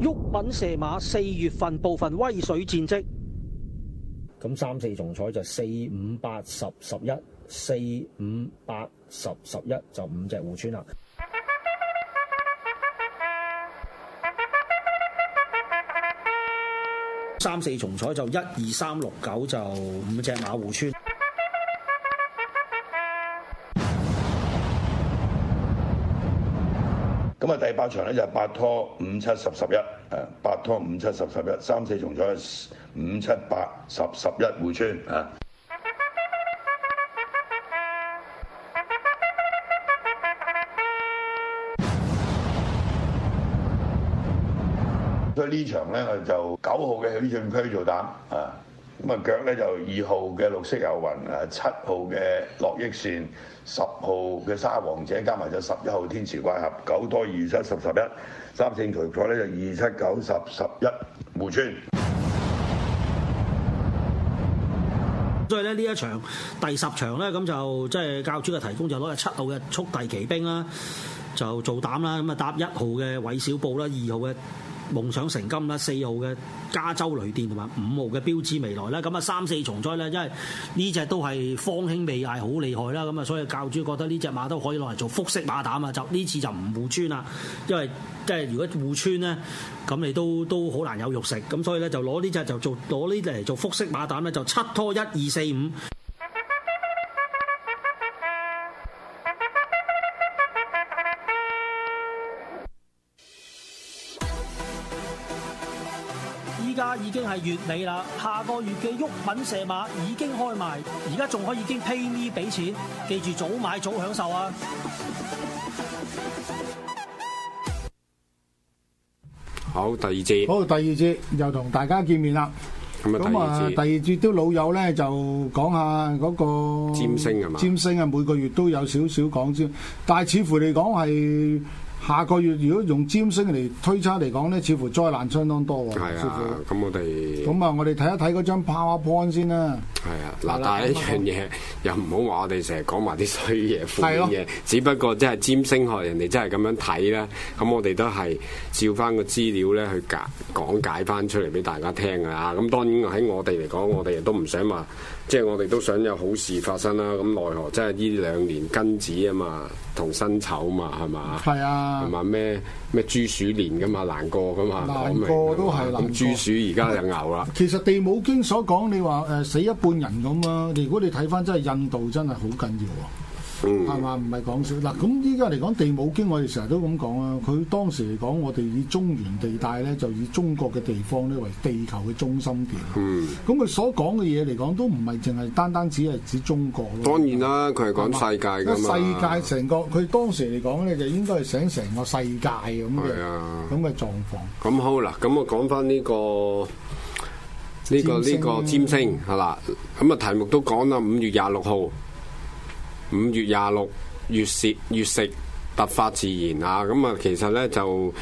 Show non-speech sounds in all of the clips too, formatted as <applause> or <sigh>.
玉品射馬四月份部分威水戰績，咁三四重彩就四五八十十一，四五八十十一就五隻互串啦。三四重彩就一二三六九就五隻馬互串。八場咧就係八拖五七十十一，誒八拖五七十十一，三四重彩五七八十十一互村。 <noise> 啊。所以呢場咧我就九號嘅喜順區做膽啊。咁啊腳咧就二號嘅綠色遊雲，誒七號嘅洛益線，十號嘅沙王者，加埋咗十一號天池怪俠，九多二七十十一，11, 三線除錯咧就二七九十十一互穿。11, 村所以咧呢一場第十場咧咁就即係、就是、教主嘅提供就攞隻七號嘅速遞奇兵啦，就做膽啦，咁啊搭一號嘅韋小布啦，二號嘅。夢想成金啦，四號嘅加州雷電同埋五號嘅標誌未來啦。咁啊三四重災咧，因為呢隻都係方興未艾，好厲害啦，咁啊所以教主覺得呢隻馬都可以攞嚟做複式馬膽啊，就呢次就唔互穿啦，因為即係如果互穿呢，咁你都都好難有肉食，咁所以咧就攞呢隻就做攞呢隻嚟做複式馬膽咧，就七拖一二四五。係月尾啦，下個月嘅沃品射馬已經開埋，而家仲可以經 Pay Me 俾錢，記住早買早享受啊！好，第二節，好，第二節又同大家見面啦。咁啊，第二節都老友咧，就講下嗰個。占星啊嘛！占星啊，每個月都有少少講先，但係似乎嚟講係下個月如果用占星嚟推測嚟講咧，似乎災難相當多喎。係啊，咁服我哋咁啊，我哋睇一睇嗰張 PowerPoint 先啦。係啊了，嗱，但一樣嘢又唔好話我哋成日講埋啲衰嘢、負嘢。只不過即係占星學人哋真係咁樣睇啦。咁我哋都係照翻個資料咧去解講解翻出嚟俾大家聽啊。咁當然喺我哋嚟講，我哋亦都唔想話，即係我哋都想有好事發生啦。咁奈何真係呢兩年根子啊嘛。同辛丑嘛，係嘛？係是啊，係嘛，咩咩豬鼠年咁嘛，難過咁嘛，難過都係、嗯，同豬鼠而家就牛啦。其實《地母經》所講，你話誒、呃、死一半人咁啊，如果你睇翻真係印度真係好緊要。啊。係嘛？唔係講笑。嗱。咁依家嚟講《地母經》，我哋成日都咁講啊。佢當時嚟講，我哋以中原地帶咧，就以中國嘅地方咧為地球嘅中心點。嗯。咁佢所講嘅嘢嚟講，都唔係淨係單單只係指中國。當然啦，佢係講世界㗎嘛。世界成個，佢當時嚟講咧，就應該係想成個世界咁嘅咁嘅狀況。咁好啦，咁我講翻呢個呢個呢個占星，係嘛？咁啊題目都講啦，五月廿六號。五月廿六月蝕月蝕，突發自然啊！咁啊，其實呢，就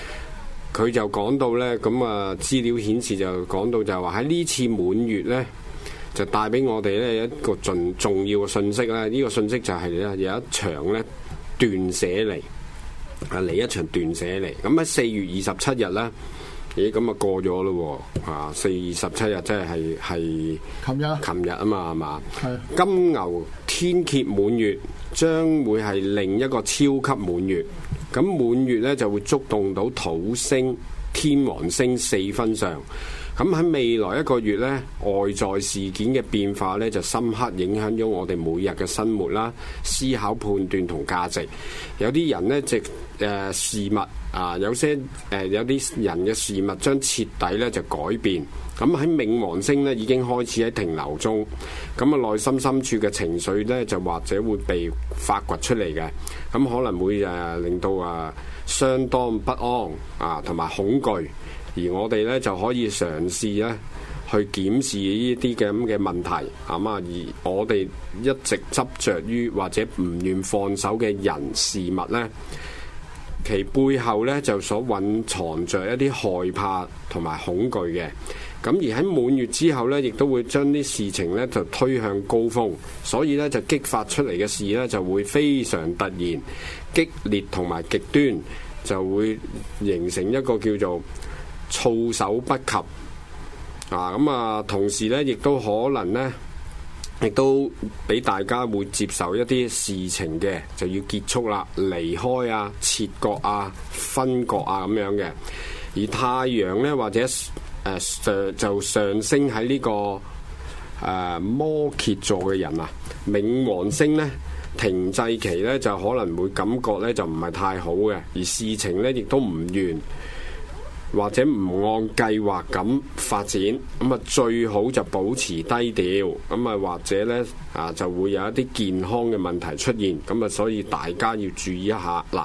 佢就講到呢。咁啊資料顯示就講到就係話喺呢次滿月呢，就帶俾我哋呢一個重重要嘅信息咧。呢、呢個信息就係呢，有一場呢斷捨離啊，嚟一場斷捨離。咁喺四月二十七日呢。咦，咁啊、哎、過咗咯喎，嚇四十七日真係係係，琴日，琴日啊嘛，係嘛吧，金牛天蠍滿月將會係另一個超級滿月，咁滿月呢，就會觸動到土星、天王星四分相。咁喺未來一個月呢，外在事件嘅變化呢，就深刻影響咗我哋每日嘅生活啦、思考判斷同價值。有啲人呢，即誒、呃、事物啊，有些誒、呃、有啲人嘅事物將徹底呢，就改變。咁喺冥王星呢，已經開始喺停留中。咁啊，內心深處嘅情緒呢，就或者會被發掘出嚟嘅。咁可能會誒、啊、令到啊相當不安啊，同埋恐懼。而我哋呢，就可以嘗試呢去檢視呢啲嘅咁嘅問題咁啊。而我哋一直執着於或者唔願放手嘅人事物呢，其背後呢，就所隱藏着一啲害怕同埋恐懼嘅。咁而喺滿月之後呢，亦都會將啲事情呢就推向高峰，所以呢，就激發出嚟嘅事呢，就會非常突然、激烈同埋極端，就會形成一個叫做措手不及啊！咁啊，同時咧，亦都可能咧，亦都俾大家會接受一啲事情嘅就要結束啦、離開啊、切割啊、分割啊咁樣嘅。而太陽咧，或者誒上、呃、就上升喺呢個誒、呃、摩羯座嘅人啊，冥王星咧停滯期咧，就可能會感覺咧就唔係太好嘅，而事情咧亦都唔完，或者唔按計劃咁發展，咁啊最好就保持低調，咁啊或者呢，啊就會有一啲健康嘅問題出現，咁啊所以大家要注意一下嗱。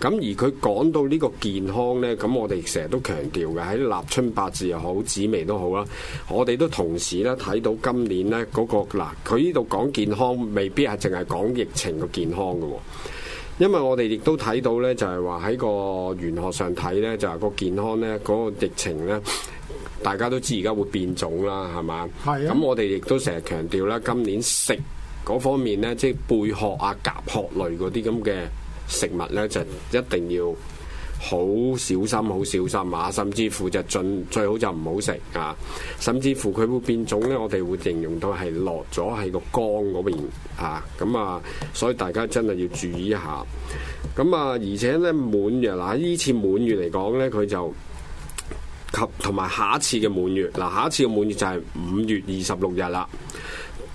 咁而佢講到呢個健康呢，咁我哋成日都強調嘅喺立春八字又好，紫微都好啦，我哋都同時呢睇到今年呢、那、嗰個嗱，佢呢度講健康未必係淨係講疫情嘅健康㗎喎。因為我哋亦都睇到呢就係話喺個玄學上睇呢就係、是、個健康呢嗰、那個疫情呢大家都知而家會變種啦，係嘛？咁是的 我哋亦都成日強調啦，今年食嗰方面呢即係貝、就是、殼啊、甲殼類嗰啲咁嘅食物呢就一定要。好小心，好小心啊！甚至乎就盡最好就唔好食啊！甚至乎佢會變種呢我哋會形容到係落咗喺個缸嗰邊咁啊！所以大家真係要注意一下咁啊！而且呢，滿月嗱，呢，啊，次滿月嚟講呢佢就及同埋下一次嘅滿月嗱，啊，下一次嘅滿月就係五月二十六日啦。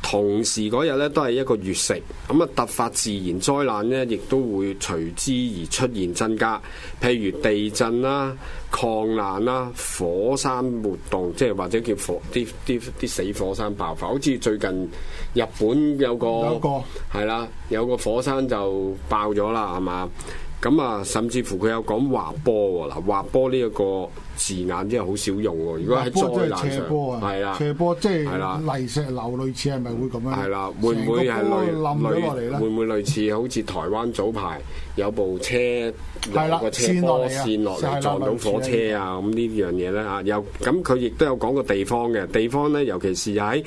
同時嗰日咧都係一個月食，咁啊突發自然災難咧，亦都會隨之而出現增加，譬如地震啦、礦難啦、火山活動，即係或者叫火啲啲啲死火山爆發，好似最近日本有個，有一個，係啦，有個火山就爆咗啦，係嘛？咁啊，甚至乎佢有講滑坡喎，嗱滑坡呢一個。字眼真係好少用喎，如果喺災難上，坡斜坡，啊、斜坡即係泥石流類似係咪會咁樣？係啦、啊，會唔會係類類會唔會類似好似台灣早排有部車個 <laughs> 車線落嚟撞到火車啊？咁呢樣嘢咧嚇，有咁佢亦都有講過地方嘅地方咧，尤其是喺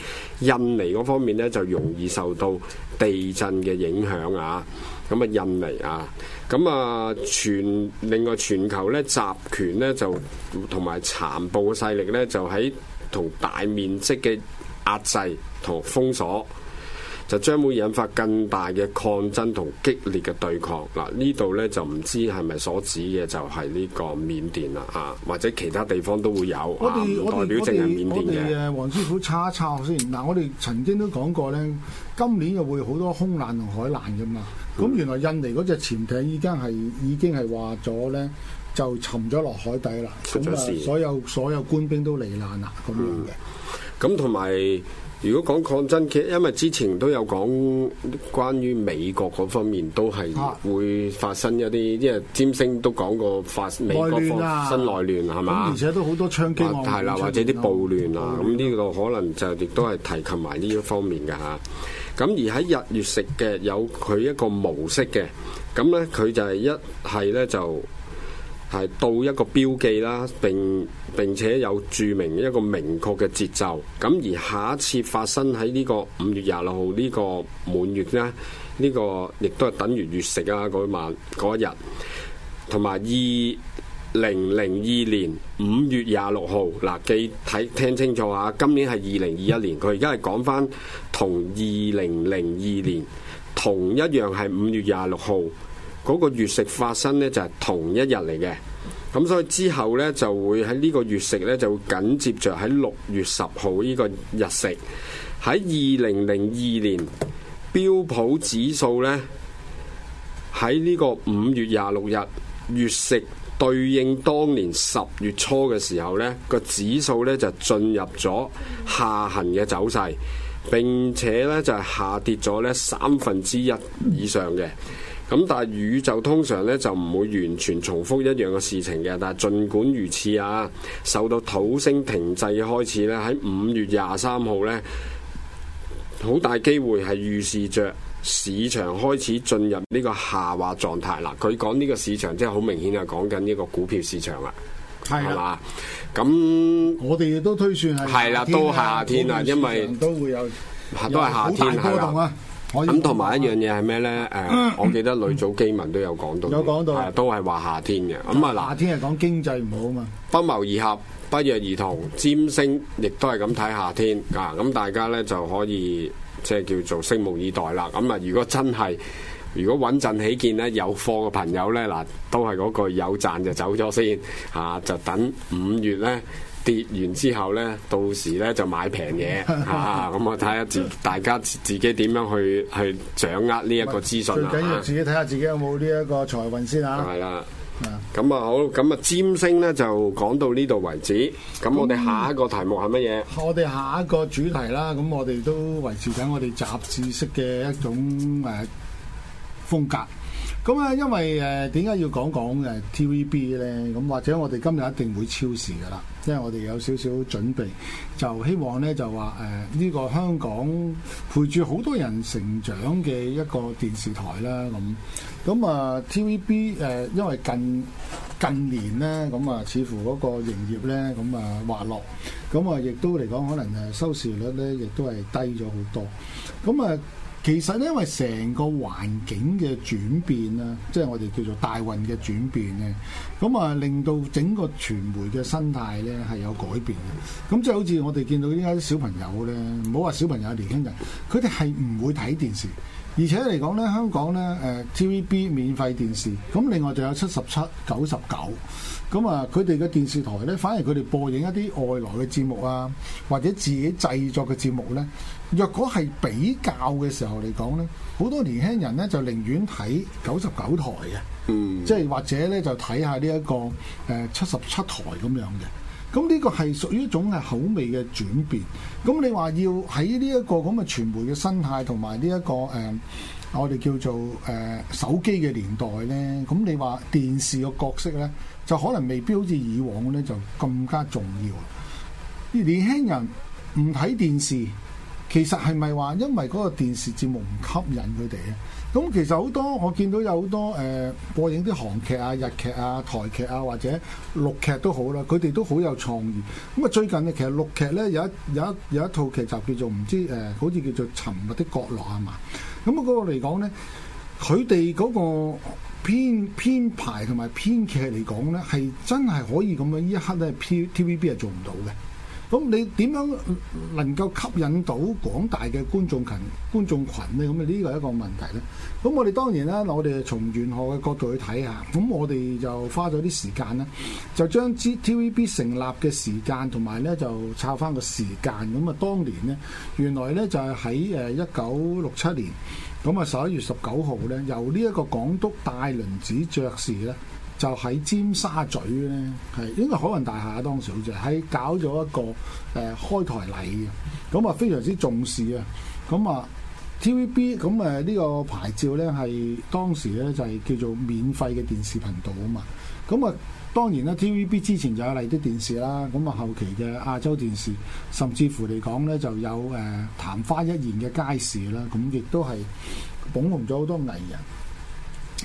印尼嗰方面咧，就容易受到地震嘅影響啊。咁啊，印尼啊，咁啊，全另外全球咧，集權咧就同埋殘暴嘅勢力咧，就喺同大面積嘅壓制同封鎖。就將會引發更大嘅抗爭同激烈嘅對抗嗱。呢度咧就唔知係咪所指嘅就係呢個緬甸啦啊，或者其他地方都會有。我哋代表淨係緬我哋我甸嘅黃師傅查一查先嗱，我哋曾經都講過咧，今年又會好多空難同海難㗎嘛。咁、嗯、原來印尼嗰隻潛艇已經係已經係話咗咧，就沉咗落海底啦，出咗事，所有所有官兵都罹難啦，咁樣嘅、嗯。咁同埋。如果講抗爭，其實因為之前都有講關於美國嗰方面，都係會發生一啲，啊、因為占星都講過發美國發生內亂係嘛、啊吧嗯？而且都好多槍擊案、啊，係啦、啊，本身 或者啲暴亂啊，咁呢個可能就亦都係提及埋呢一方面嘅嚇。咁而喺日月食嘅有佢一個模式嘅，咁咧佢就係一係咧就。就就就就就就就係到一個標記啦，並並且有註明一個明確嘅節奏。咁而下一次發生喺呢個五月廿六號呢個滿月咧，呢個亦都係等於月食啊嗰晚嗰一日，同埋二零零二年五月廿六號。嗱，記睇聽清楚啊！今年係二零二一年，佢而家係講翻同二零零二年同一樣係五月廿六號。嗰個月食發生呢，就係同一日嚟嘅，咁所以之後呢，就會喺呢個月食呢，就會緊接著喺六月十號呢個日食。喺二零零二年標普指數呢，喺呢個五月廿六日月食對應當年十月初嘅時候呢，個指數呢，就進入咗下行嘅走勢，並且呢，就係下跌咗呢三分之一以上嘅。咁但係宇宙通常咧就唔會完全重複一樣嘅事情嘅，但係盡管如此啊，受到土星停滯嘅開始咧，喺五月廿三號咧，好大機會係預示着市場開始進入呢個下滑狀態啦。佢講呢個市場即係好明顯係講緊呢個股票市場啦、啊，係嘛、啊？咁我哋亦都推算係係啦，都夏天啊，因為都會有、啊、都係夏天，係啊。咁同埋一樣嘢係咩呢？誒、嗯，我記得女組基民都有講到，有講到都係話夏天嘅。咁啊嗱，夏天係講經濟唔好啊嘛、嗯。不謀而合，不約而同，占星亦都係咁睇夏天啊！咁大家呢就可以即係、就是、叫做拭目以待啦。咁啊，如果真係如果穩陣起見呢，有貨嘅朋友呢，嗱、啊，都係嗰句有賺就走咗先嚇，就等五月呢。跌完之後咧，到時咧就買平嘢吓，咁我睇下自大家自己點樣去去掌握呢一個資訊 <laughs> 最緊要自己睇下自己有冇呢一個財運先吓。係啦，咁啊好，咁啊占星咧就講到呢度為止。咁我哋下一個題目係乜嘢？我哋下一個主題啦。咁我哋都維持緊我哋雜誌式嘅一種誒、啊、風格。咁啊，因為誒點解要講講誒 TVB 呢？咁或者我哋今日一定會超時嘅啦，即係我哋有少少準備，就希望呢就話誒呢個香港陪住好多人成長嘅一個電視台啦，咁咁啊 TVB 誒、呃，因為近近年呢，咁啊似乎嗰個營業呢，咁啊滑落，咁啊亦都嚟講可能誒收視率呢亦都係低咗好多，咁啊。其實咧，因為成個環境嘅轉變啊，即係我哋叫做大運嘅轉變咧，咁啊令到整個傳媒嘅生態咧係有改變嘅。咁即係好似我哋見到依家啲小朋友咧，唔好話小朋友年輕人，佢哋係唔會睇電視。而且嚟講咧，香港咧，誒 TVB 免費電視，咁另外就有七十七、九十九，咁啊，佢哋嘅電視台咧，反而佢哋播映一啲外來嘅節目啊，或者自己製作嘅節目咧，若果係比較嘅時候嚟講咧，好多年輕人咧就寧願睇九十九台嘅，嗯，即係或者咧就睇下呢一個誒七十七台咁樣嘅。咁呢個係屬於一種係口味嘅轉變。咁你話要喺呢一個咁嘅傳媒嘅生態同埋呢一個誒、呃，我哋叫做誒、呃、手機嘅年代呢，咁你話電視嘅角色呢，就可能未必好似以往呢就更加重要。年輕人唔睇電視，其實係咪話因為嗰個電視節目唔吸引佢哋啊？咁其實好多我見到有好多誒、呃、播映啲韓劇啊、日劇啊、台劇啊，或者陸劇都好啦，佢哋都好有創意。咁啊，最近咧其實陸劇咧有一有一有一套劇集叫做唔知誒、呃，好似叫做《沉默的角落》啊嘛。咁啊嗰個嚟講咧，佢哋嗰個編,編排同埋編劇嚟講咧，係真係可以咁樣一刻咧，TVB 係做唔到嘅。咁你點樣能夠吸引到廣大嘅觀眾群？觀眾群呢？咁啊呢個係一個問題咧。咁我哋當然啦，我哋從玄學嘅角度去睇下。咁我哋就花咗啲時間呢就將之 TVB 成立嘅時間同埋呢就抄翻個時間。咁啊當年呢，原來呢就係喺誒一九六七年，咁啊十一月十九號呢，由呢一個港督戴麟趾爵士咧。就喺尖沙咀咧，係因為海運大廈當時好似係搞咗一個誒、呃、開台禮嘅，咁啊非常之重視啊，咁 TV 啊 TVB 咁誒呢個牌照咧係當時咧就係、是、叫做免費嘅電視頻道啊嘛，咁啊當然啦、啊、TVB 之前就有麗的電視啦，咁啊後期嘅亞洲電視，甚至乎嚟講咧就有誒、呃《曇花一現》嘅街市啦，咁亦都係捧紅咗好多藝人。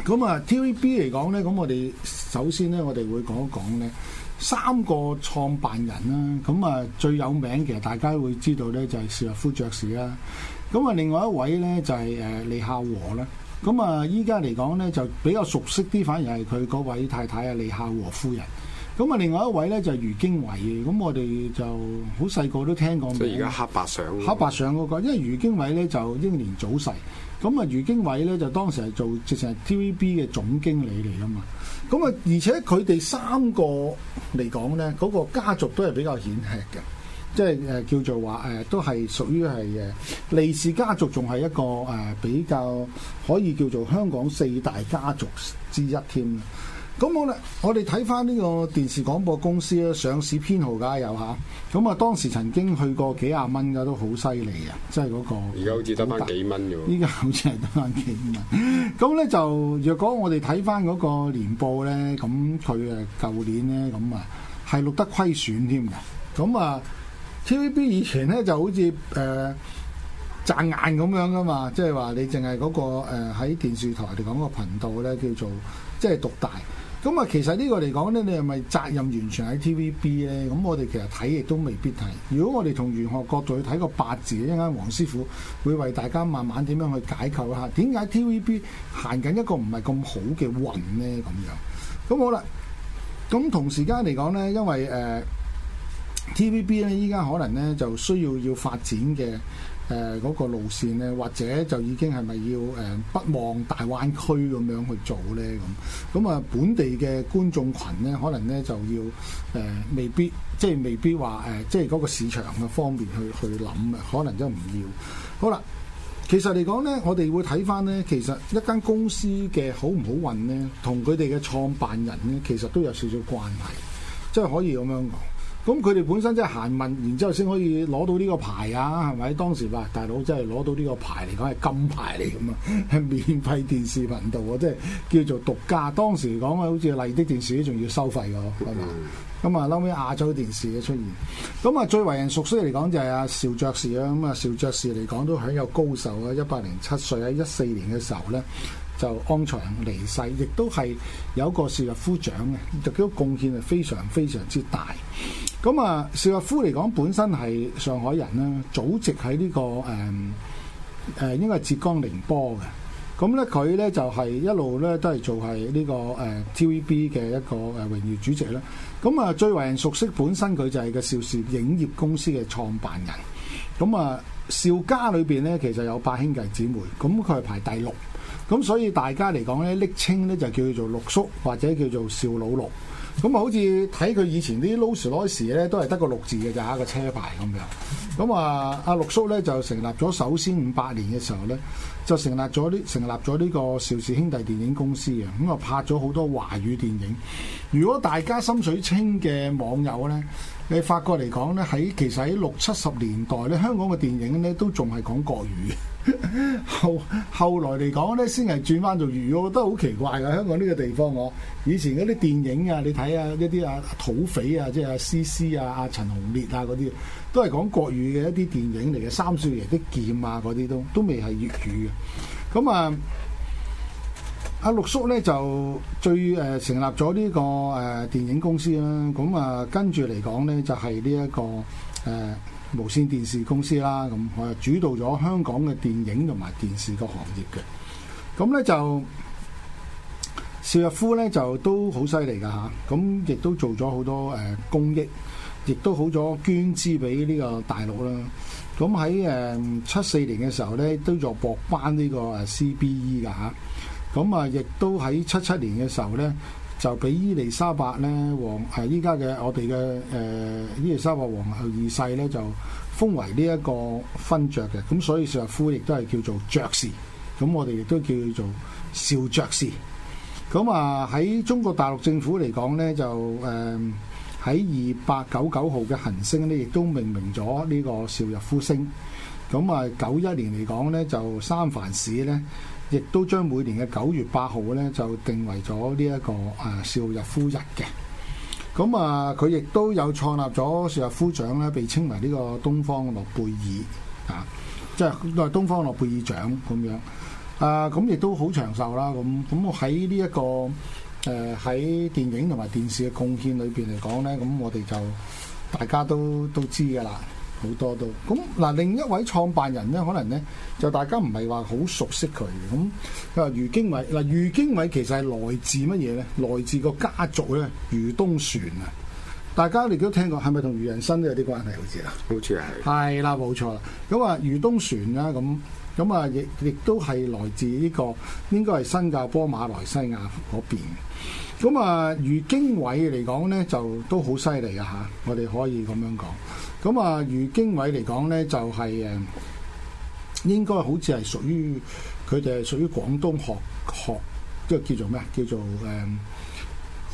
咁啊，TVB 嚟講咧，咁我哋首先咧，我哋會講一講咧，三個創辦人啦。咁啊，最有名其實大家會知道咧，就係邵逸夫爵士啦。咁啊，另外一位咧就係、是、誒、呃、利孝和啦。咁啊，依家嚟講咧就比較熟悉啲，反而係佢嗰位太太啊，利孝和夫人。咁啊，另外一位咧就係、是、余經緯。咁我哋就好細個都聽過。即而家黑白相。黑白相嗰、那個，因為余經緯咧就英年早逝。咁啊，余經緯咧就當時係做，直情係 TVB 嘅總經理嚟噶嘛。咁啊，而且佢哋三個嚟講咧，嗰、那個家族都係比較顯赫嘅，即係誒、呃、叫做話誒、呃，都係屬於係誒、呃、利氏家族，仲係一個誒、呃、比較可以叫做香港四大家族之一添。咁我咧，我哋睇翻呢個電視廣播公司咧上市編號嘅有嚇。咁啊，當時曾經去過幾十蚊嘅都好犀利啊！即係嗰個。而家好似得翻幾蚊嘅喎。依家好似係得翻幾蚊。咁咧就若果我哋睇翻嗰個年報咧，咁佢誒舊年咧咁啊係錄得虧損添嘅。咁啊，TVB 以前咧就好似誒、呃、賺硬咁樣嘅嘛，即係話你淨係嗰個誒喺、呃、電視台，你講個頻道咧叫做即係獨大。咁啊，其實呢個嚟講呢，你係咪責任完全喺 TVB 呢？咁我哋其實睇亦都未必睇。如果我哋從玄學角度去睇個八字，一陣間黃師傅會為大家慢慢點樣去解構一下，點解 TVB 行緊一個唔係咁好嘅運呢？咁樣咁好啦。咁同時間嚟講呢，因為誒、呃、TVB 呢，依家可能呢就需要要發展嘅。誒嗰個路線咧，或者就已經係咪要誒北望大灣區咁樣去做咧咁？咁啊，本地嘅觀眾群咧，可能咧就要誒、呃、未必，即係未必話誒、呃，即係嗰個市場嘅方面去去諗啊，可能都唔要。好啦，其實嚟講咧，我哋會睇翻咧，其實一間公司嘅好唔好運咧，同佢哋嘅創辦人咧，其實都有少少關係，即係可以咁樣講。咁佢哋本身即係行文，然之後先可以攞到呢個牌啊？係咪當時啊，大佬真係攞到呢個牌嚟講係金牌嚟㗎嘛，係免費電視頻道啊，即係叫做獨家。當時嚟講好似麗的電視仲要收費㗎，係咪？咁啊、嗯，後屘亞洲電視嘅出現，咁啊最為人熟悉嚟講就係阿邵爵士啊。咁啊邵爵士嚟講都享有高壽啊，一百零七歲喺一四年嘅時候咧，就安詳離世，亦都係有一個邵逸夫獎嘅，就叫貢獻係非常非常之大。咁啊，邵逸夫嚟講本身係上海人啦，祖籍喺呢個誒誒、嗯嗯，應該係浙江寧波嘅。咁咧，佢咧就係、是、一路咧都係做係呢個誒 T V B 嘅一個誒榮譽主席啦。咁啊，最為人熟悉本身佢就係個邵氏影業公司嘅創辦人。咁啊，邵家裏邊咧其實有八兄弟姊妹，咁佢係排第六。咁所以大家嚟講呢，昵稱呢，就叫做六叔或者叫做邵老六」。咁啊，好似睇佢以前啲 l o s e r 嗰時咧，都係得個六字嘅，就係一個車牌咁樣。咁啊，阿、啊、六叔呢就成立咗首先五八年嘅時候呢就成立咗啲成立咗呢、呢個邵氏兄弟電影公司嘅。咁啊，拍咗好多華語電影。如果大家心水清嘅網友呢。你發覺嚟講咧，喺其實喺六七十年代咧，香港嘅電影咧都仲係講國語嘅。 <laughs> 後後來嚟講咧，先係轉翻做粵語，我覺得好奇怪嘅。香港呢個地方，我以前嗰啲電影思思啊，你睇啊一啲啊土匪啊，即係阿詩詩啊、阿陳紅烈啊嗰啲，都係講國語嘅一啲電影嚟嘅，《三少爺的劍啊》啊嗰啲都都未係粵語嘅。咁啊～阿六叔咧就最誒成立咗呢個誒電影公司啦，咁啊跟住嚟講咧就係呢一個誒無線電視公司啦，咁我係主導咗香港嘅電影同埋電視個行業嘅。咁咧就邵逸夫咧就都好犀利噶嚇，咁亦都做咗好多誒公益，亦都好咗捐資俾呢個大陸啦。咁喺誒七四年嘅時候咧都做博班呢個誒 CBE 噶嚇。咁啊，亦都喺七七年嘅時候呢，就俾伊麗莎白呢，皇，係依家嘅我哋嘅誒伊麗莎白皇后二世呢，就封為呢一個勳爵嘅。咁所以邵逸夫亦都係叫做爵士，咁我哋亦都叫做邵爵士。咁啊喺中國大陸政府嚟講呢，就誒喺二八九九號嘅行星呢，亦都命名咗呢個邵逸夫星。咁啊九一年嚟講呢，就三藩市呢。亦都將每年嘅九月八號咧，就定為咗呢一個誒、啊、少日夫日邵逸夫日嘅。咁啊，佢亦都有創立咗邵逸夫獎咧，被稱為呢個東方諾貝爾啊，即、就、係、是、東方諾貝爾獎咁樣。啊，咁、啊、亦都好長壽啦。咁咁喺呢一個誒喺、啊、電影同埋電視嘅貢獻裏邊嚟講咧，咁我哋就大家都都知噶啦。好多都咁嗱，另一位創辦人咧，可能咧就大家唔係話好熟悉佢咁。佢話余經緯嗱，余經緯其實係來自乜嘢咧？來自個家族咧，余東璇啊！大家你都聽過，係咪同余仁生都有啲關係好似啊？好似係係啦，冇錯。咁啊，余東璇啦，咁咁啊，亦亦都係來自呢、這個應該係新加坡、馬來西亞嗰邊。咁啊，余經緯嚟講咧，就都好犀利啊！嚇，我哋可以咁樣講。咁啊，余經緯嚟講咧，就係誒，應該好似係屬於佢哋係屬於廣東學學，即係叫做咩啊？叫做誒，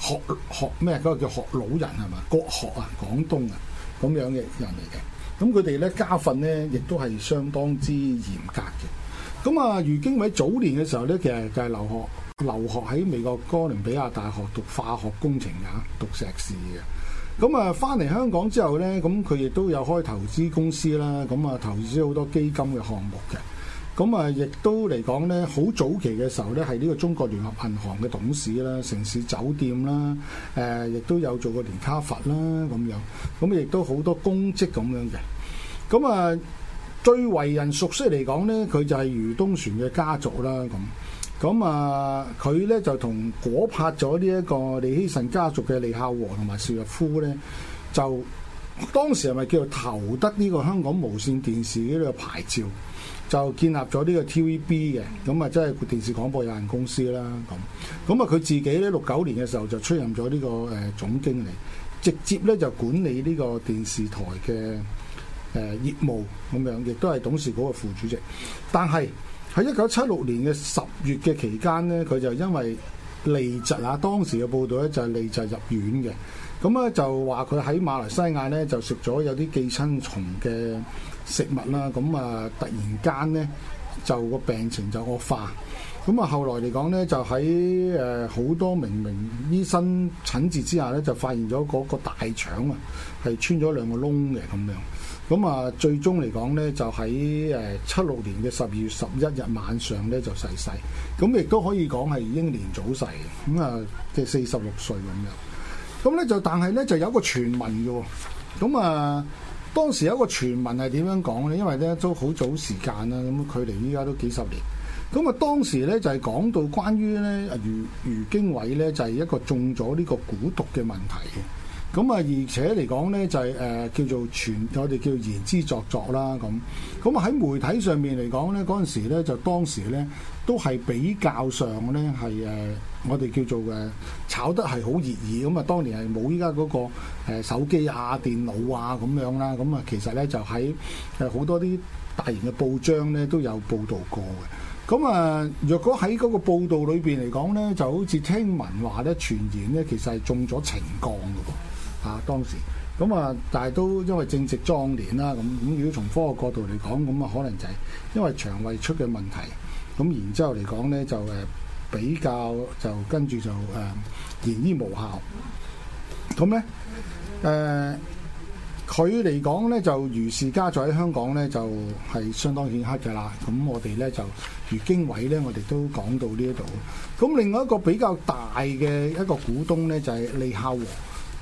學學咩？嗰個叫學老人係嘛？國學啊，廣東啊，咁樣嘅人嚟嘅。咁佢哋咧家訓咧，亦都係相當之嚴格嘅。咁啊，余經緯早年嘅時候咧，其實就係留學，留學喺美國哥倫比亞大學讀化學工程啊，讀碩士嘅。咁啊，翻嚟香港之後呢，咁佢亦都有開投資公司啦，咁啊，投資好多基金嘅項目嘅，咁啊亦都嚟講呢，好早期嘅時候呢，係呢個中國聯合銀行嘅董事啦，城市酒店啦，誒亦都有做過連卡佛啦咁樣，咁亦都好多公職咁樣嘅，咁啊最為人熟悉嚟講呢，佢就係余東旋嘅家族啦咁。咁、嗯、啊，佢咧就同果拍咗呢一個李希臣家族嘅李孝和同埋邵逸夫咧，就當時係咪叫做投得呢個香港無綫電視呢個牌照，就建立咗呢個 TVB 嘅，咁啊，即係電視廣播有限公司啦。咁，咁啊，佢自己咧六九年嘅時候就出任咗呢、這個誒、呃、總經理，直接咧就管理呢個電視台嘅誒、呃、業務咁樣，亦都係董事局嘅副主席，但係。喺一九七六年嘅十月嘅期間呢，佢就因為痢疾啊，當時嘅報道咧就係痢疾入院嘅。咁啊就話佢喺馬來西亞咧就食咗有啲寄生蟲嘅食物啦，咁啊突然間咧就個病情就惡化。咁啊後來嚟講咧就喺誒好多名名醫生診治之下咧就發現咗嗰個大腸啊係穿咗兩個窿嘅咁樣。咁啊，最終嚟講咧，就喺誒七六年嘅十二月十一日晚上咧，就逝世，世。咁亦都可以講係英年早逝。咁啊，即係四十六歲咁樣。咁咧就，但係咧就有一個傳聞嘅喎。咁啊，當時有一個傳聞係點樣講咧？因為咧都好早時間啦，咁距離依家都幾十年。咁啊，當時咧就係講到關於咧余經緯咧，就係一個中咗呢個蠱毒嘅問題。咁啊，而且嚟講咧就係誒叫做傳，我哋叫言之鑿鑿啦咁。咁喺媒體上面嚟講咧，嗰陣時咧就當時咧都係比較上咧係誒我哋叫做誒炒得係好熱議咁啊。當年係冇依家嗰個手機啊、電腦啊咁樣啦。咁啊，其實咧就喺誒好多啲大型嘅報章咧都有報導過嘅。咁啊，若果喺嗰個報導裏邊嚟講咧，就好似聽聞話咧傳言咧其實係中咗情降嘅噃。啊！當時咁啊，嗯，但係都因為正值壯年啦。咁、嗯、咁，如果從科學角度嚟講，咁啊，可能就係因為腸胃出嘅問題。咁、嗯、然之後嚟講咧，就誒比較就跟住就誒、呃、延醫無效。咁咧誒佢嚟講咧，就余氏家族喺香港咧，就係、是、相當顯赫嘅啦。咁、嗯、我哋咧就余經緯咧，我哋都講到呢一度。咁、嗯、另外一個比較大嘅一個股東咧，就係、是、利孝和。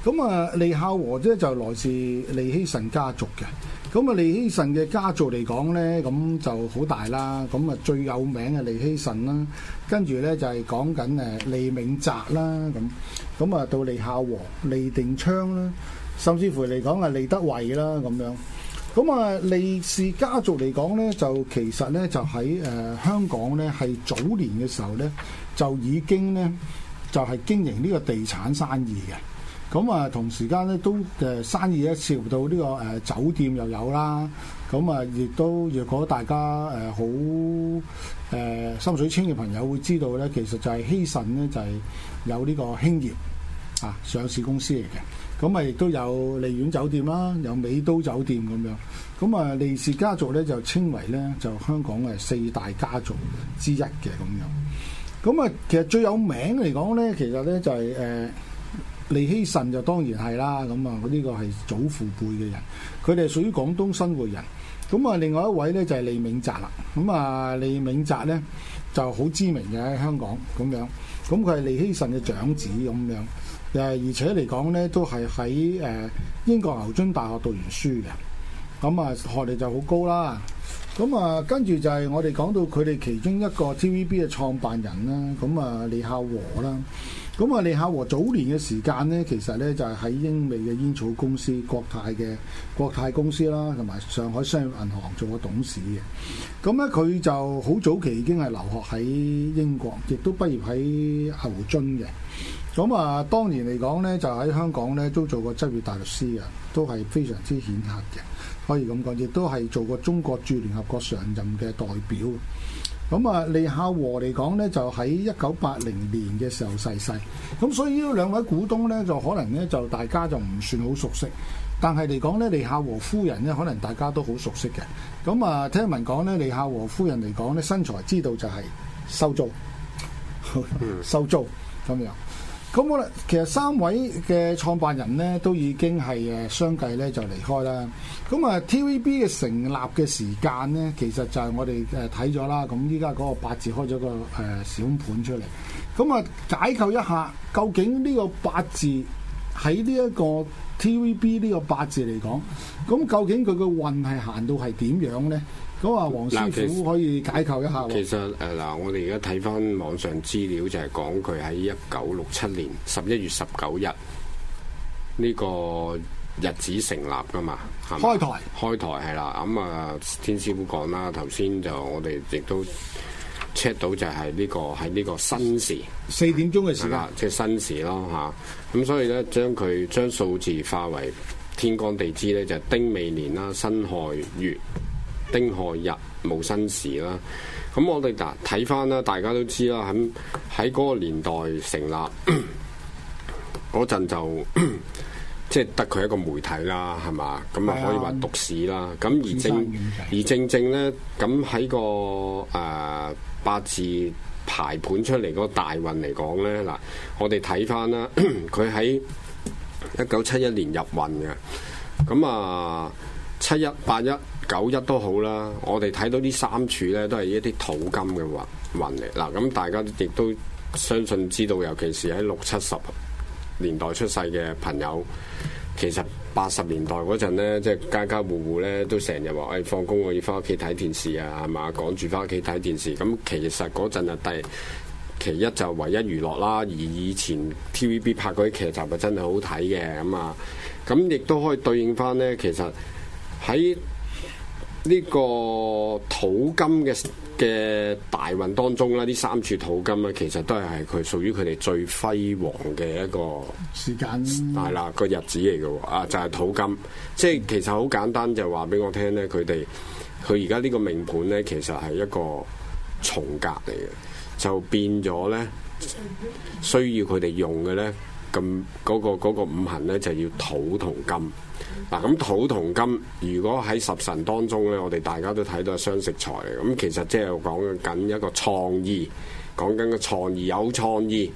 咁啊，利孝和咧就來自利希臣家族嘅。咁啊，利希臣嘅家族嚟講咧，咁就好大啦。咁啊，最有名嘅利希臣啦，跟住咧就係講緊誒利銘澤啦，咁咁啊到利孝和、利定昌啦，甚至乎嚟講啊利德惠啦咁樣。咁啊，利氏家族嚟講咧，就其實咧就喺誒、呃、香港咧係早年嘅時候咧就已經咧就係、是、經營呢個地產生意嘅。咁啊，同時間咧都誒、呃、生意一涉到呢、這個誒、呃、酒店又有啦，咁啊亦都若果大家誒、呃、好誒心、呃、水清嘅朋友會知道咧，其實就係希慎咧就係、是、有呢個興業啊上市公司嚟嘅，咁啊，亦都有利苑酒店啦，有美都酒店咁樣，咁啊利氏家族咧就稱為咧就香港嘅四大家族之一嘅咁樣，咁啊其實最有名嚟講咧，其實咧就係、是、誒。呃利希慎就當然係啦，咁啊，呢個係祖父輩嘅人，佢哋係屬於廣東新會人。咁啊，另外一位咧就係李銘澤啦。咁啊，李銘澤咧就好知名嘅喺香港咁樣。咁佢係利希慎嘅長子咁樣，誒而且嚟講咧都係喺誒英國牛津大學讀完書嘅，咁啊學歷就好高啦。咁啊，跟住就係我哋講到佢哋其中一個 TVB 嘅創辦人啦，咁啊李孝和啦。咁啊，李孝和早年嘅時間呢，其實呢就係、是、喺英美嘅煙草公司國泰嘅國泰公司啦，同埋上海商業銀行做過董事嘅。咁咧佢就好早期已經係留學喺英國，亦都畢業喺牛津嘅。咁啊，當年嚟講呢，就喺香港呢都做過執業大律師啊，都係非常之顯赫嘅，可以咁講，亦都係做過中國駐聯合國常任嘅代表。咁啊，利孝和嚟講咧，就喺一九八零年嘅時候逝世，世。咁所以呢兩位股東咧，就可能咧就大家就唔算好熟悉。但係嚟講咧，利孝和夫人咧，可能大家都好熟悉嘅。咁啊，聽聞講咧，利孝和夫人嚟講咧，身材知道就係收租，收租咁樣。咁我咧，其實三位嘅創辦人咧都已經係誒相繼咧就離開啦。咁啊，TVB 嘅成立嘅時間咧，其實就係我哋誒睇咗啦。咁依家嗰個八字開咗個誒小盤出嚟。咁啊，解構一下，究竟呢個八字喺呢一個 TVB 呢個八字嚟講，咁究竟佢嘅運係行到係點樣咧？咁啊，黃師傅可以解構一下。其實誒嗱、呃，我哋而家睇翻網上資料就係、是、講佢喺一九六七年十一月十九日呢、這個日子成立噶嘛開台。開台開台，係啦。咁、嗯、啊，天師傅講啦，頭先就我哋亦都 check 到就係呢、這個喺呢個申時四點鐘嘅時間，即係、就是、申時咯吓，咁、啊、所以咧，將佢將數字化為天干地支咧，就是、丁未年啦，辛亥月。丁亥日戊申時啦，咁我哋嗱睇翻啦，大家都知啦，喺喺嗰個年代成立嗰陣 <coughs> 就即係、 <coughs> 就係、得佢一個媒體啦，係嘛？咁啊可以話獨市啦。咁而正、嗯、而正正咧，咁喺個誒、呃、八字排盤出嚟嗰大運嚟講咧，嗱，我哋睇翻啦，佢喺一九七一年入運嘅，咁啊。七一八一九一都好啦，我哋睇到呢三柱呢，都係一啲土金嘅運運嚟嗱。咁大家亦都相信知道，尤其是喺六七十年代出世嘅朋友，其實八十年代嗰陣呢，即係家家戶戶呢，都成日話，誒放工我要翻屋企睇電視啊，係嘛，趕住翻屋企睇電視。咁其實嗰陣啊，第其一就唯一娛樂啦。而以前 TVB 拍嗰啲劇集係，真係好睇嘅咁啊。咁亦都可以對應翻呢。其實。喺呢個土金嘅嘅大運當中啦，呢三處土金啊，其實都係佢屬於佢哋最輝煌嘅一個時間，係啦，個日子嚟嘅喎啊，就係、是、土金，即係其實好簡單就，就話俾我聽咧，佢哋佢而家呢個命盤咧，其實係一個重格嚟嘅，就變咗咧需要佢哋用嘅咧。咁嗰、嗰個嗰個五行呢，就要土同金嗱，咁土同金如果喺十神當中呢，我哋大家都睇到係雙食財嚟。咁其實即係講緊一個創意，講緊個創意，有創意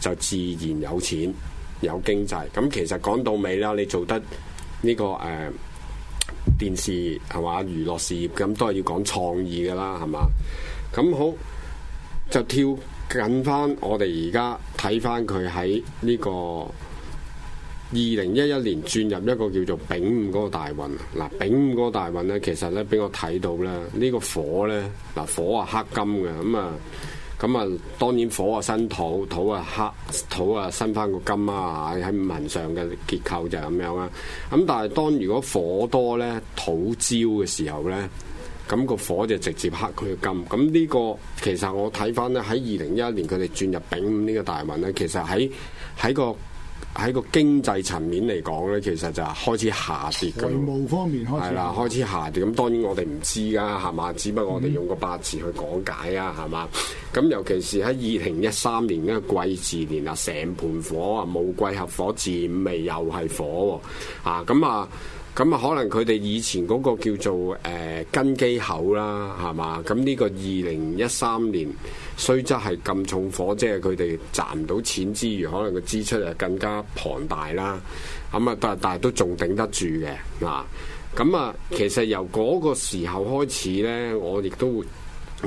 就自然有錢有經濟。咁其實講到尾啦，你做得呢、呢個誒、呃、電視係嘛娛樂事業咁都係要講創意㗎啦，係嘛？咁好就跳。緊翻我哋而家睇翻佢喺呢個二零一一年轉入一個叫做丙午嗰個大運。嗱，丙午嗰個大運咧，其實咧，俾我睇到咧，呢個火咧，嗱，火啊克金嘅，咁啊咁啊，當然火啊生土，土啊克土啊生翻個金啊，喺五行上嘅結構就係咁樣啦。咁但係當如果火多咧，土焦嘅時候咧。咁個火就直接克佢嘅金，咁呢個其實我睇翻呢，喺二零一一年佢哋轉入丙午呢個大運呢，其實喺喺個喺個經濟層面嚟講呢，其實就開始下跌嘅。財務方面開始,開始下跌。咁當然我哋唔知噶係嘛，只不過我哋用個八字去講解啊係嘛。咁尤其是喺二零一三年咧，癸巳年啊，成盤火啊，戊癸合火，巳未又係火喎，啊咁啊。啊咁啊，可能佢哋以前嗰個叫做誒、呃、根基口啦，係嘛？咁呢個二零一三年雖則係咁重火，即係佢哋賺唔到錢之餘，可能個支出啊更加龐大啦。咁啊，但但係都仲頂得住嘅嗱。咁啊，啊，其實由嗰個時候開始呢，我亦都會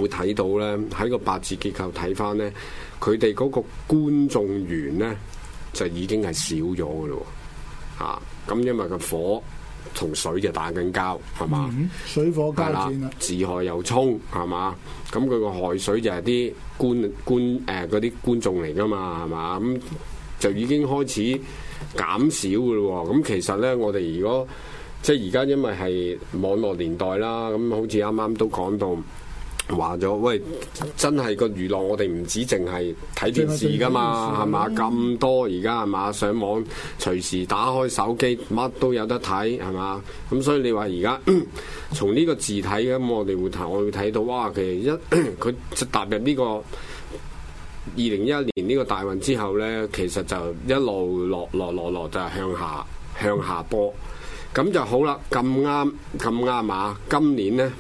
會睇到呢，喺個八字結構睇翻呢，佢哋嗰個觀眾緣咧就已經係少咗嘅咯，嚇、啊、咁因為個火。同水就打緊交，係嘛、嗯？吧水火交戰自害又沖，係嘛？咁佢個海水就係啲觀觀誒啲觀眾嚟㗎嘛，係嘛？咁就已經開始減少㗎咯、哦。咁其實咧，我哋如果即係而家因為係網絡年代啦，咁好似啱啱都講到。話咗，喂，真係個娛樂，我哋唔止淨係睇電視噶嘛，係嘛？咁多而家係嘛，上網隨時打開手機，乜都有得睇，係嘛。咁所以你話而家從呢個字睇，咁我哋會睇，我會睇到，哇！其實一佢踏入呢個二零一一年呢個大運之後呢，其實就一路落落落落就向下向下波，咁就好啦。咁啱咁啱嘛，今年呢。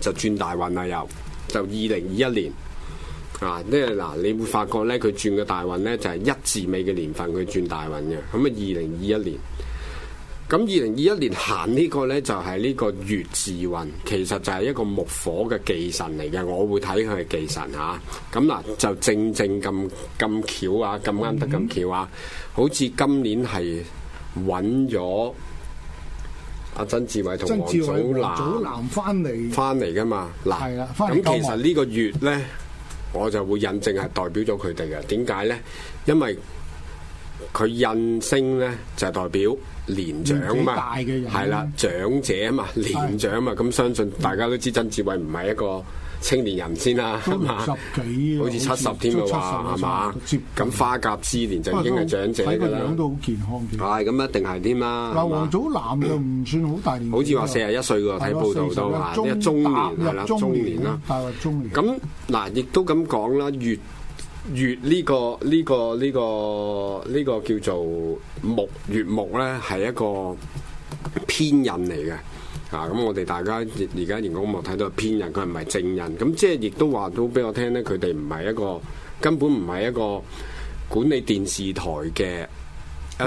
就轉大運啊！又就二零二一年啊，即係嗱，你會發覺呢，佢轉嘅大運呢，就係、是、一字尾嘅年份轉，佢轉大運嘅。咁啊，二零二一年，咁二零二一年行呢個呢，就係、是、呢個月字運，其實就係一個木火嘅忌神嚟嘅。我會睇佢係忌神吓。咁、啊、嗱、啊，就正正咁咁巧啊，咁啱得咁巧啊，好似今年係搵咗。阿曾志偉同王祖藍翻嚟翻嚟，噶嘛，嗱，咁的其實呢個月咧，我就會印證係代表咗佢哋嘅。點解咧？因為佢印星咧就係代表年長嘛，大嘅人係啦，長者啊嘛，年長啊嘛。咁的相信大家都知曾志偉唔係一個。青年人先啦，嚇，好似七十添嘅話，係嘛？咁花甲之年就已經係長者㗎啦。都好健康嘅。係咁一定係添啦，嗱，王祖藍又唔算好大年，好似話四十一歲喎，睇報道都話，中年係啦，中年啦，中年。咁嗱，亦都咁講啦，月月呢個呢個呢個呢個叫做木月木咧，係一個偏印嚟嘅。啊！咁我哋大家而家熒光幕睇到係偏印，佢唔係正印。咁即係亦都話到俾我聽咧，佢哋唔係一個根本唔係一個管理電視台嘅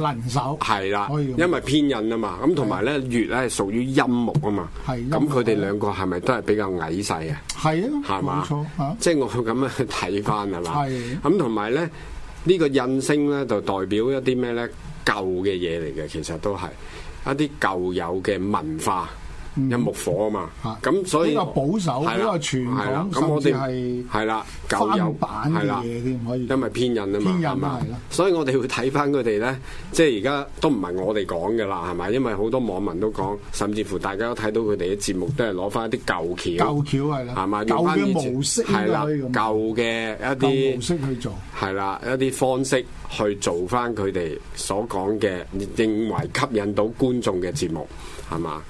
能手。係、啊、啦，因為偏印啊嘛。咁同埋咧，月咧係屬於陰木啊嘛。咁佢哋兩個係咪都係比較矮細啊？係啊。係嘛？冇錯嚇。即係我咁樣去睇翻係嘛？咁同埋咧，呢個印星咧就代表一啲咩咧？舊嘅嘢嚟嘅，其實都係一啲舊有嘅文化。有木火啊嘛，咁所以比較保守，比較傳統，甚至係係啦，翻版嘅嘢，因為偏印啊嘛，所以我哋會睇翻佢哋咧。即係而家都唔係我哋講嘅啦，係咪？因為好多網民都講，甚至乎大家都睇到佢哋啲節目都係攞翻啲舊橋，舊橋係啦，係嘛，舊嘅模式係啦，舊嘅一啲模式去做係啦，一啲方式去做翻佢哋所講嘅認為吸引到觀眾嘅節目係嘛。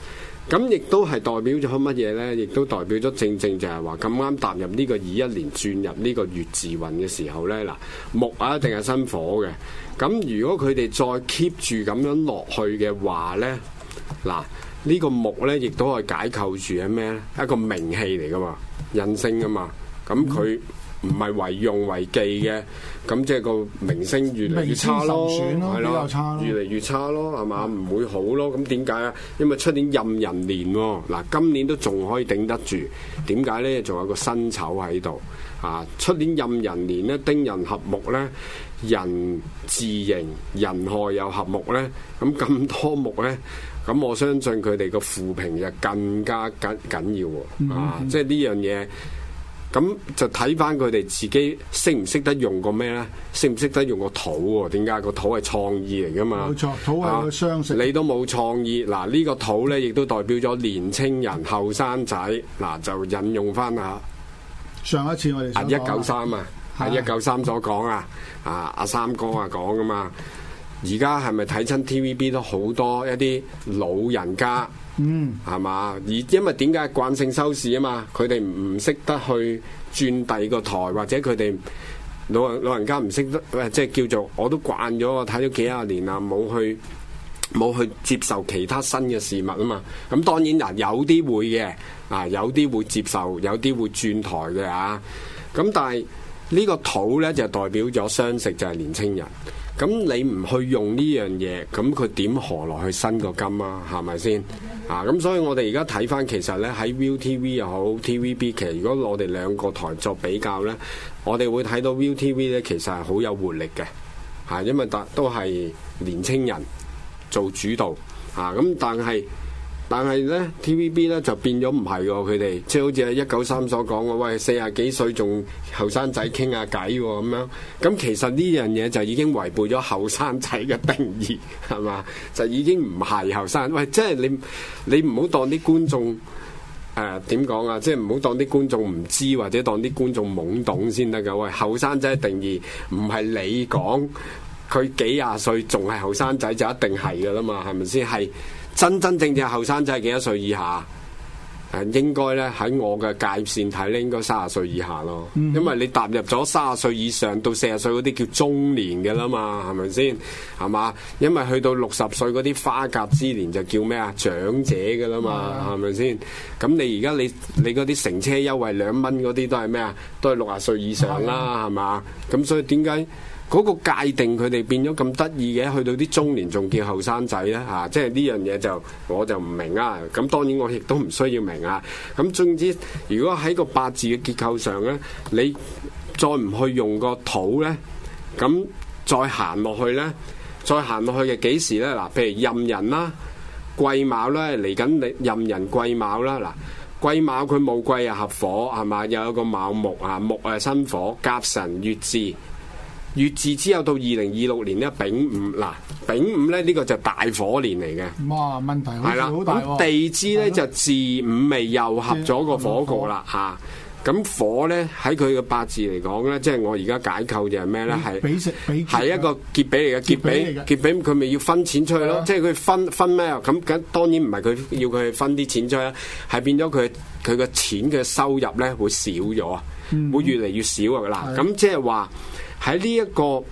咁亦都係代表咗乜嘢呢？亦都代表咗正正就係話咁啱踏入呢個二一年轉入呢個月字運嘅時候呢，嗱木啊一定係生火嘅。咁如果佢哋再 keep 住咁樣落去嘅話呢，嗱呢個木呢，亦都係解構住嘅咩呢？一個名氣嚟噶嘛，印星噶嘛。咁佢。嗯唔係為用為忌嘅，咁即係個名聲越嚟越差咯，係咯、啊，啊差啊、越嚟越差咯，係嘛？唔會好咯，咁點解？因為出年壬寅年喎，嗱今年都仲可以頂得住，點解呢？仲有個辛丑喺度啊！出年壬寅年呢，丁壬合木呢，寅自刑寅亥又合木呢。咁咁多木呢，咁我相信佢哋個負評就更加緊緊要啊！嗯、哼啊即係呢樣嘢。咁就睇翻佢哋自己識唔識得用個咩呢？識唔識得用個土喎？點解個土係創意嚟噶嘛？冇錯，土係個雙性、啊。你都冇創意嗱，呢、啊呢個土呢，亦都代表咗年青人、後生仔嗱，就引用翻下、啊、上一次我哋一九三啊，一九三所講啊，啊阿三哥啊講噶嘛，而家係咪睇親 TVB 都好多一啲老人家？嗯，係 <noise> 嘛，而因為點解慣性收視啊嘛？佢哋唔識得去轉第二個台，或者佢哋老啊，老人家唔識得，即係叫做我都慣咗，我睇咗幾廿年啦，冇去，冇去接受其他新嘅事物啊嘛。咁當然啊，有啲會嘅啊，有啲會接受，有啲會轉台嘅啊。咁但係。呢個土呢，就代表咗傷食，就係、是、年青人。咁你唔去用呢樣嘢，咁佢點何來去生個金啊？係咪先？啊、嗯，咁、嗯、所以我哋而家睇翻其實呢喺 Viu TV 又好 TVB，其實如果我哋兩個台作比較呢，我哋會睇到 Viu TV 呢，其實係好有活力嘅嚇、嗯，因為都都係年青人做主導嚇。咁、嗯、但係。但係咧，TVB 咧就變咗唔係佢哋，即係好似係一九三所講嘅，喂，四啊幾歲仲後生仔傾下偈咁樣，咁其實呢樣嘢就已經違背咗後生仔嘅定義，係嘛？就已經唔係後生，喂，即係你你唔好當啲觀眾誒點講啊？即係唔好當啲觀眾唔知或者當啲觀眾懵懂先得噶，喂，後生仔定義唔係你講佢幾廿歲仲係後生仔就一定係噶啦嘛，係咪先係？真真正正後生仔係幾多歲以下？誒應該咧喺我嘅界線睇咧，應該三十歲以下咯。因為你踏入咗三十歲以上到四十歲嗰啲叫中年嘅啦嘛，係咪先？係嘛？因為去到六十歲嗰啲花甲之年就叫咩啊？長者嘅啦嘛，係咪先？咁吧、嗯、你而家你你嗰啲乘車優惠兩蚊嗰啲都係咩啊？都係六十歲以上啦，係嘛、嗯？咁所以點解？嗰個界定佢哋變咗咁得意嘅，去到啲中年仲叫後生仔咧嚇，即係呢樣嘢就我就唔明啊。咁當然我亦都唔需要明啊。咁總之，如果喺個八字嘅結構上咧，你再唔去用個土咧，咁再行落去咧，再行落去嘅幾時咧？嗱，譬如壬寅啦、癸卯啦，嚟緊你壬寅癸卯啦。嗱，癸卯佢冇癸又合火係嘛？有一個卯木啊，木誒生火，甲辰月支。月支之後到二零二六年咧，丙午，嗱，丙午咧呢個就大火年嚟嘅。哇，問題好似好大喎。地支咧就巳午未又合咗個火局啦吓，咁火咧喺佢嘅八字嚟講咧，即係我而家解構就係咩咧？係比係一個劫比嚟嘅，劫比劫比佢咪要分錢出去咯？即係佢分分咩？咁咁當然唔係佢要佢分啲錢出去，係變咗佢佢個錢嘅收入咧會少咗。嗯、會越嚟越少啊！嗱的，咁即係話喺呢一個。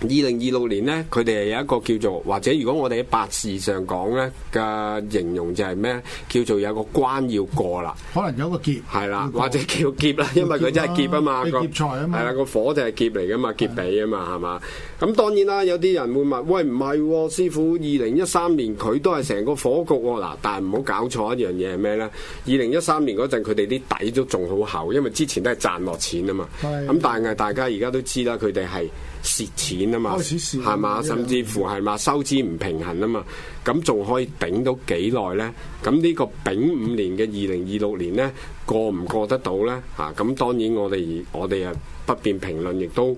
二零二六年呢，佢哋係有一個叫做，或者如果我哋喺八字上講呢，嘅形容就係咩叫做有個關要過啦。可能有個劫，係啦的，過或者叫劫啦，因為佢真係劫，劫啊個劫嘛。劫財係啦，個火就係劫嚟噶嘛，的劫比啊嘛，係嘛。咁當然啦，有啲人會問：喂，唔係，師傅，二零一三年佢都係成個火局嗱、啊，但係唔好搞錯一樣嘢係咩呢？二零一三年嗰陣，佢哋啲底都仲好厚，因為之前都係賺落錢啊嘛。咁的但係大家而家都知啦，佢哋係。蝕錢啊嘛，係嘛，甚至乎係嘛，收支唔平衡啊嘛。咁仲可以頂到幾耐咧？咁呢個丙五年嘅二零二六年咧，過唔過得到咧？吓，咁當然我哋我哋啊不便評論，亦都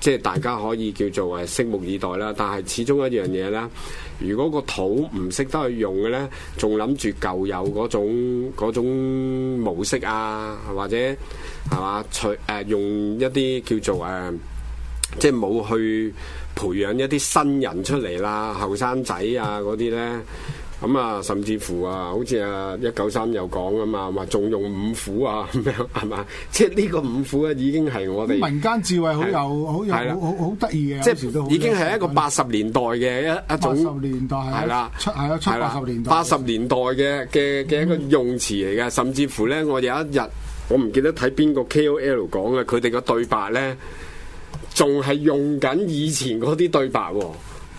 即係大家可以叫做誒，拭目以待啦。但係始終一樣嘢咧，如果個土唔識得去用嘅咧，仲諗住舊有嗰種嗰種模式啊，或者係嘛，除誒用一啲叫做誒。即係冇去培養一啲新人出嚟啦，後生仔啊嗰啲咧，咁啊、嗯，甚至乎啊，好似啊一九三又講啊嘛，話仲用五虎啊咁樣係嘛，即係呢個五虎咧、啊、已經係我哋民間智慧，好有好啦有好好得意嘅，即係已經係一個八十年代嘅一一種年代係啦，係啦，八十年代嘅嘅嘅一個用詞嚟嘅，嗯、甚至乎咧，我有一日我唔記得睇邊個 K O L 講嘅，佢哋個對白咧。仲係用緊以前嗰啲對白喎，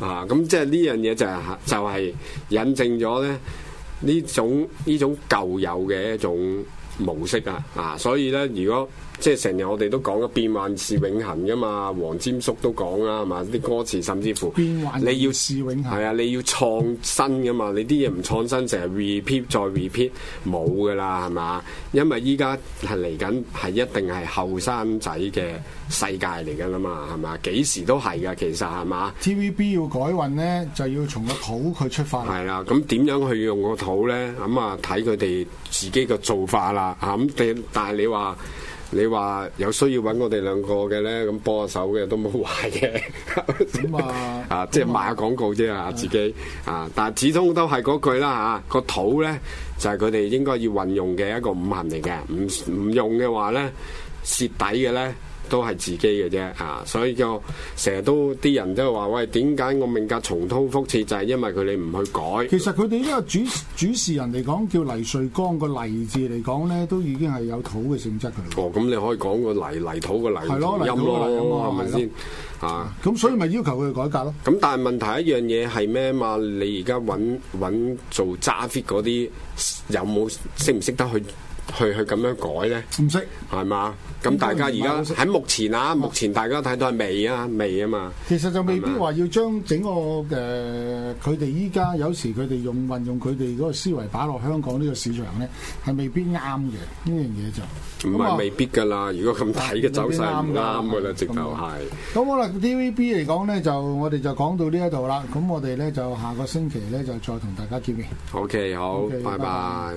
啊，咁即係呢樣嘢就係就係、是、引證咗咧呢種呢種舊有嘅一種模式啊，啊，所以咧，如果。即係成日我哋都講變幻是永恆噶嘛。黃沾叔都講啦，係嘛啲歌詞，甚至乎你要是永恆，係啊，你要創新噶嘛。你啲嘢唔創新，成日 repeat 再 repeat，冇噶啦，係嘛。因為依家係嚟緊係一定係後生仔嘅世界嚟噶啦嘛，係嘛？幾時都係噶，其實係嘛。TVB 要改運咧，就要從個土去出發。係啦、啊，咁點樣去用個土咧？咁、嗯、啊，睇佢哋自己嘅做法啦。嚇、嗯、咁，但係你話。你話有需要揾我哋兩個嘅咧，咁幫下手嘅都冇壞嘅，啊，即係賣下廣告啫吓，自己啊，但係始終都係嗰句啦吓，個土咧就係佢哋應該要運用嘅一個五行嚟嘅，唔唔用嘅話咧蝕底嘅咧。都係自己嘅啫嚇，所以就成日都啲人即係話喂，點解我命格重蹈覆轍？就係因為佢哋唔去改。其實佢哋呢個主主持人嚟講，叫黎瑞剛個黎字嚟講咧，都已經係有土嘅性質噶。哦，咁你可以講個黎黎土個黎音咯，係咪先？啊，咁所以咪要求佢去改革咯。咁但係問題一樣嘢係咩嘛？你而家揾揾做揸 fit 嗰啲，有冇識唔識得去去去咁樣改咧？唔識係嘛？咁大家而家喺目前啊，啊目前大家睇到係未啊，未啊嘛。其實就未必話要將整個誒，佢哋依家有時佢哋用運用佢哋嗰個思維擺落香港呢個市場咧，係未必啱嘅呢樣嘢就。唔係、嗯、未必噶啦，如果咁睇嘅走勢，唔啱噶啦，直頭係。咁好啦，TVB 嚟講咧，就我哋就講到呢一度啦。咁我哋咧就下個星期咧就再同大家見面。OK，好，拜拜。